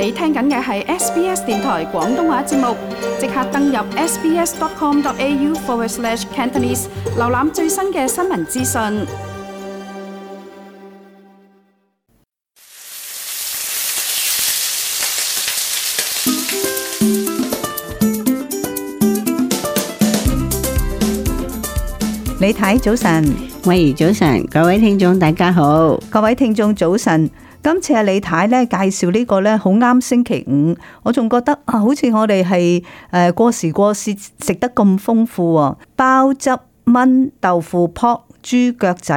你聽緊嘅係 SBS 電台廣東話節目，即刻登入 SBS.com.au/Cantonese，瀏覽最新嘅新聞資訊。你睇，早晨，喂，早晨，各位聽眾，大家好，各位聽眾，早晨。今次阿李太咧介紹呢個咧，好啱星期五。我仲覺得啊，好似我哋係誒過時過節食得咁豐富喎，包汁炆豆腐泡、豬腳仔，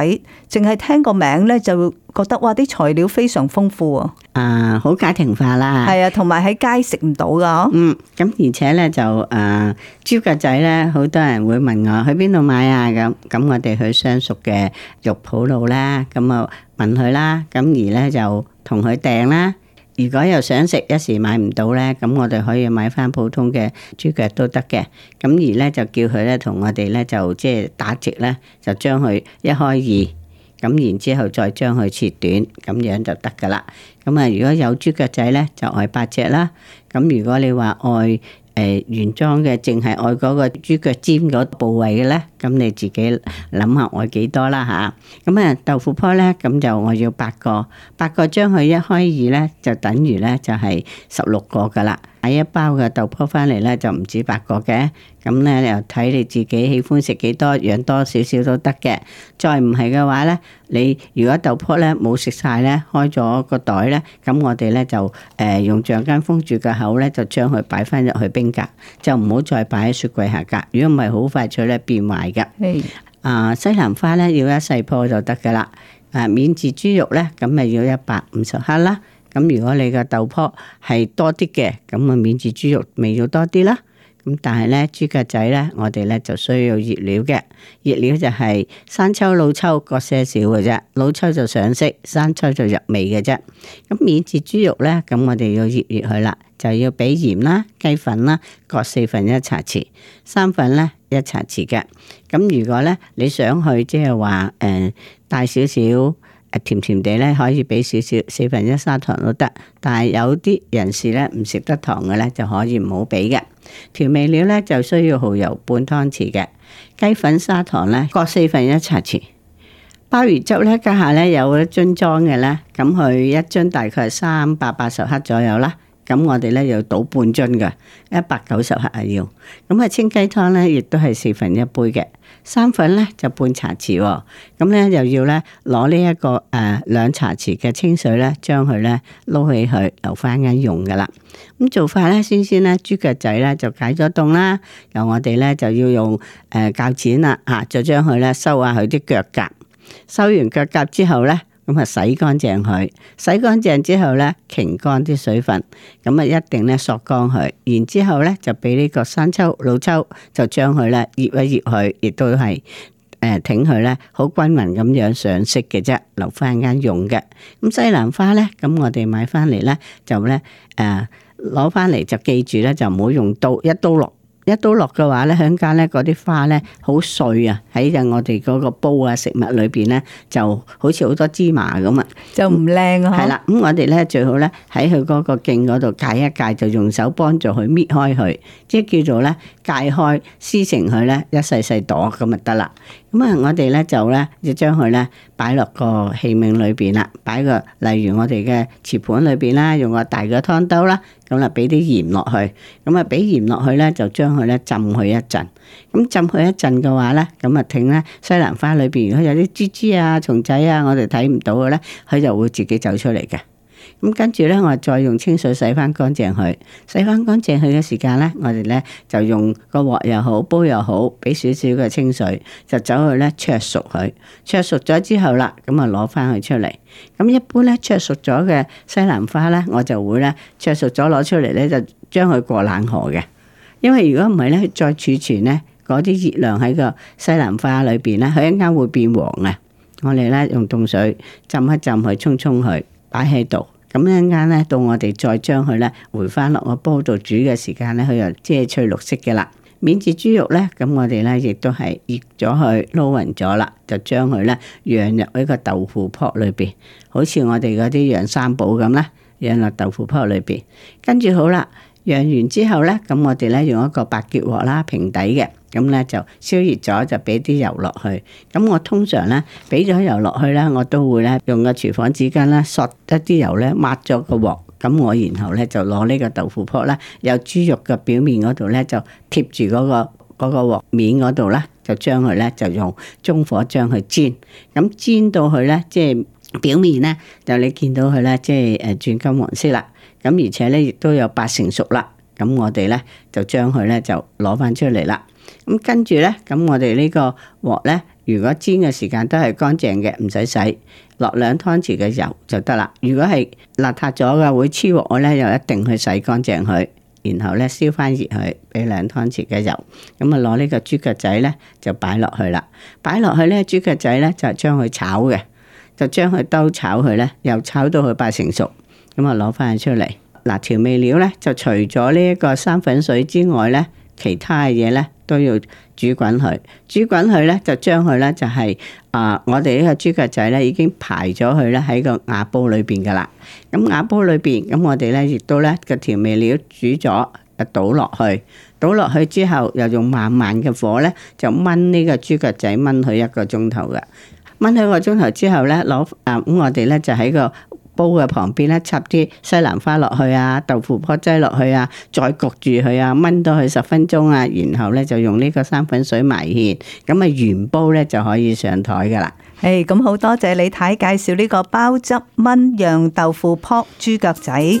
淨係聽個名咧就覺得哇啲材料非常豐富喎。啊，好家庭化啦，係啊，同埋喺街食唔到噶。嗯，咁而且咧就誒豬腳仔咧，好多人會問我去邊度買啊？咁咁我哋去相熟嘅肉舖路啦。咁啊～問佢啦，咁而咧就同佢訂啦。如果又想食一時買唔到咧，咁我哋可以買翻普通嘅豬腳都得嘅。咁而咧就叫佢咧同我哋咧就即係打直咧，就將佢、就是、一開二，咁然之後再將佢切短，咁樣就得噶啦。咁啊，如果有豬腳仔咧，就愛八隻啦。咁如果你話愛，誒原裝嘅，淨係愛嗰個豬腳尖嗰部位嘅咧，咁你自己諗下愛幾多啦吓，咁啊豆腐泡咧，咁就我要八個，八個將佢一開二咧，就等於咧就係十六個㗎喇。買一包嘅豆脯翻嚟咧，就唔止八個嘅，咁咧你又睇你自己喜歡食幾多，養多少少都得嘅。再唔係嘅話咧，你如果豆脯咧冇食晒咧，開咗個袋咧，咁我哋咧就誒用橡筋封住個口咧，就將佢擺翻入去冰格，就唔好再擺喺雪櫃下噶。如果唔係，好快脆咧變壞嘅。啊西蘭花咧要一細棵就得噶啦。誒免治豬肉咧，咁咪要一百五十克啦。咁如果你嘅豆粕係多啲嘅，咁啊免治豬肉味要多啲啦。咁但係咧豬腳仔咧，我哋咧就需要熱料嘅，熱料就係生抽老抽各些少嘅啫，老抽就上色，生抽就入味嘅啫。咁免治豬肉咧，咁我哋要醃醃佢啦，就要俾鹽啦、雞粉啦，各四份一茶匙，三分咧一茶匙嘅。咁如果咧你想去即係話誒大少少。甜甜地咧，可以俾少少四分一砂糖都得，但係有啲人士咧唔食得糖嘅咧，就可以唔好俾嘅。調味料咧就需要蚝油半湯匙嘅，雞粉砂糖咧各四分一茶匙，鮑魚汁咧家下咧有一樽裝嘅咧，咁佢一樽大概係三百八十克左右啦。咁我哋咧又倒半樽嘅一百九十克啊要，咁啊，清雞湯咧亦都係四分一杯嘅，三份咧就半茶匙，哦，咁咧又要咧攞呢一個誒、呃、兩茶匙嘅清水咧將佢咧撈起去留翻緊用噶啦，咁做法咧先先咧豬腳仔咧就解咗凍啦，由我哋咧就要用誒鉸、呃、剪啦吓，再、啊、將佢咧收下佢啲腳甲，收完腳甲之後咧。咁啊，洗乾淨佢，洗乾淨之後咧，擎乾啲水分，咁啊，一定咧，索乾佢，然之後咧，就俾呢個生抽、老抽，就將佢咧，醃一醃佢，亦都係誒、呃，挺佢咧，好均勻咁樣上色嘅啫，留翻間用嘅。咁、嗯、西蘭花咧，咁我哋買翻嚟咧，就咧誒，攞翻嚟就記住咧，就唔好用刀，一刀落。一刀落嘅話咧，響間咧嗰啲花咧好碎啊，喺就我哋嗰個煲啊食物裏邊咧，就好似好多芝麻咁啊，就唔靚啊。係啦，咁我哋咧最好咧喺佢嗰個莖嗰度戒一戒，就用手幫助佢搣開佢，即係叫做咧戒開撕成佢咧一細細朵咁就得啦。咁啊，我哋咧就咧要將佢咧擺落個器皿裏邊啦，擺個例如我哋嘅瓷盤裏邊啦，用個大嘅湯兜啦，咁啦俾啲鹽落去，咁啊俾鹽落去咧就將佢咧浸佢一陣，咁浸佢一陣嘅話咧，咁啊聽咧西蘭花裏邊，如果有啲蜘蛛啊、蟲仔啊，我哋睇唔到嘅咧，佢就會自己走出嚟嘅。咁跟住咧，我再用清水洗翻乾淨佢，洗翻乾淨佢嘅時間咧，我哋咧就用個鑊又好，煲又好，俾少少嘅清水，就走去咧灼熟佢。灼熟咗之後啦，咁啊攞翻佢出嚟。咁一般咧灼熟咗嘅西蘭花咧，我就會咧灼熟咗攞出嚟咧，就將佢過冷河嘅。因為如果唔係咧，再儲存咧，嗰啲熱量喺個西蘭花裏邊咧，佢一間會，會變黃啊。我哋咧用凍水浸一浸佢，沖沖佢，擺喺度。咁一陣間到我哋再將佢咧回翻落個煲度煮嘅時間咧，佢又即係翠綠色嘅啦。免治豬肉咧，咁我哋咧亦都係醃咗佢撈匀咗啦，就將佢咧釀入一個豆腐泡裏面，好似我哋嗰啲釀三寶咁啦，釀落豆腐泡裏面。跟住好啦，釀完之後呢，咁我哋咧用一個白潔鑊啦，平底嘅。咁咧就燒熱咗，就俾啲油落去。咁我通常咧俾咗油落去咧，我都會咧用個廚房紙巾咧索一啲油咧，抹咗個鑊。咁我然後咧就攞呢個豆腐撲啦，有豬肉嘅表面嗰度咧就貼住嗰、嗰個嗰、嗰個鑊面嗰度啦，就將佢咧就用中火將佢煎。咁煎到佢咧，即、就、係、係、表面咧就你見到佢咧，即係誒轉金黃色啦。咁而且咧亦都有八成熟啦。咁我哋咧就將佢咧就攞翻出嚟啦。咁跟住呢，咁我哋呢個鑊呢，如果煎嘅時間都係乾淨嘅，唔使洗，落兩湯匙嘅油就得啦。如果係邋遢咗嘅，會黐鑊。我呢，又一定去洗乾淨佢，然後呢燒翻熱佢，俾兩湯匙嘅油，咁啊攞呢個豬腳仔呢，就擺落去啦。擺落去呢，豬腳仔呢，就將佢炒嘅，就將佢兜炒佢呢，又炒到佢八成熟，咁啊攞翻佢出嚟。嗱，調味料呢，就除咗呢一個生粉水之外呢，其他嘅嘢呢。都要煮滾佢，煮滾佢咧就將佢咧就係啊，我哋呢個豬腳仔咧已經排咗佢咧喺個瓦煲裏邊噶啦。咁瓦煲裏邊，咁我哋咧亦都咧個調味料煮咗，就倒落去，倒落去之後，又用慢慢嘅火咧就炆呢個豬腳仔，炆佢一個鐘頭嘅。炆佢一個鐘頭之後咧，攞啊咁我哋咧就喺個煲嘅旁邊咧插啲西蘭花落去啊，豆腐泡擠落去啊，再焗住佢啊，炆多佢十分鐘啊，然後咧就用呢個生粉水埋芡，咁啊原煲咧就可以上枱㗎喇。誒，咁好多謝你睇介紹呢個包汁炆釀豆腐泡豬腳仔。